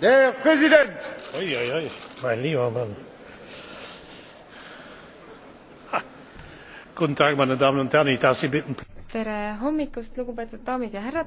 Der Präsident! Uiuiui, ui, mein lieber Mann. Guten Tag, meine Damen und Herren, ich darf Sie bitten. tere hommikust, lugupeetud daamid ja härrad!